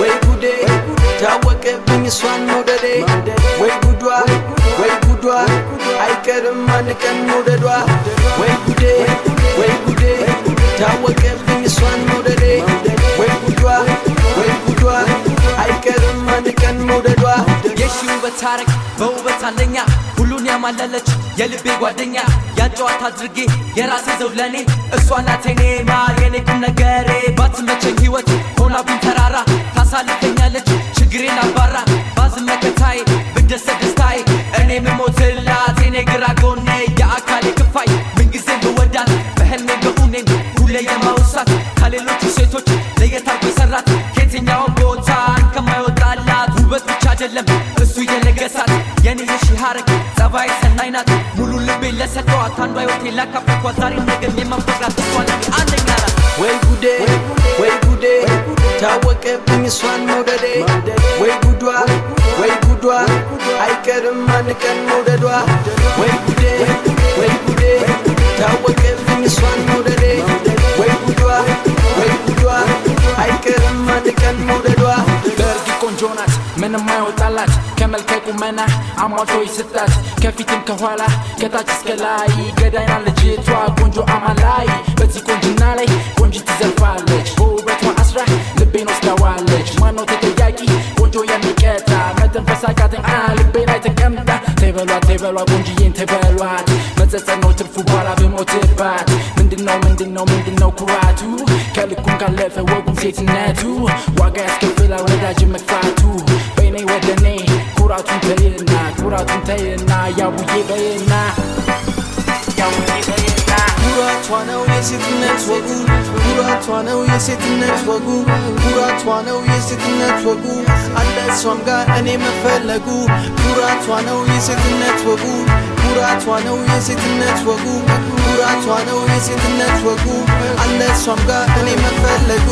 ወይ ጉዴ ታወቀብኝ እሷን መውደዴ ወይ ጉዷ ወይ ጉዷ አይቀርም አንድ ቀን መውደዷ ወይ ጉዴ ወይ ጉዴ ታወቀብኝ እሷን መውደዴ ወይ ጉዷ ወይ ጉዷ አይቀርም አንድ ቀን መውደዷ የሺ ውበት ታረቅ በውበት አለኛ ሁሉን ያማለለች የልቤ ጓደኛ ያጨዋት አድርጌ የራሴ ዘው ለኔ እሷ ናት የኔ የኔ ቁም ነገሬ ባትመቸኝ ህይወት ሆናብኝ ተራራ ታሳልፈኛለች ችግሬን አባራ ባዝመከታዬ ብደሰ ደስታዬ እኔ ምሞትላት ኔ ግራ ጎኔ የአካሌ ክፋይ ምንጊዜ ብወዳት በህልሜ በሁኔም ሁሌ የማውሳት ከሌሎቹ ሴቶች ለየታ ሰራት ከየትኛውም ቦታ ከማይወጣላት ውበት ብቻ አይደለም እሱ የነገሳት የኔ የሺህ ሀረግ ጸባይ ሰናይ ናት። ሙሉ ልቤን ለሰጠዋት አንዷ ህይወቴ ላካፈኳት ዛሬ ነገም የማንፈቅራት እሷ ለኔ አንደኛ ናት። ወይ ጉዴ ወይ ጉዴ ታወቀብኝ እሷን መውደዴ ወይ ጉዷ ወይ ጉዷ አይቀርም አንድ ቀን መውደዷ ወይ ጉዴ ወይ ጉዴ ታወቀብኝ እሷን መውደዴ ወይ ጉዷ ወይ ጉዷ አይቀርም አንድ ቀን መውደዷ በእርግጥ ቆንጆ ናት ምንም አይወጣላት ከመልከ ቁመና አሟቾች ስጣት ከፊትም ከኋላ ከታች እስከ ላይ ገዳይና ልጅቷ ቆንጆ አማላይ በዚህ ቆንጅና ላይ ቆንጂ ትዘርፋለች በውበቷ አስራ ልቤን ወስዳዋለች ማነው ተጠያቂ ቆንጆ የሚቀጣ መተንፈስ አቃተኝ ልቤ ላይ ተቀምጣ ተይበሏት ተይበሏት ቆንጅዬን ተይበሏት መጸጸት ትርፉ በኋላ በሞትባት ምንድነው ምንድነው kuratu kali kunkalefe wekumsetinatu wagayaskefila wedajimakfatu bene wedene kuratun tayena kuratun tayena yabuye bayena ኩራቷ ነው የሴትነት ወጉ ኩራቷ ነው የሴትነት ወጉ ኩራቷ ነው የሴትነት ወጉ አለ እሷም ጋር እኔ መፈለጉ ኩራቷ ነው የሴትነት ወጉ ኩራቷ ነው የሴትነት ወጉ ኩራቷ ነው የሴትነት ወጉ አለ እሷም ጋር እኔ መፈለጉ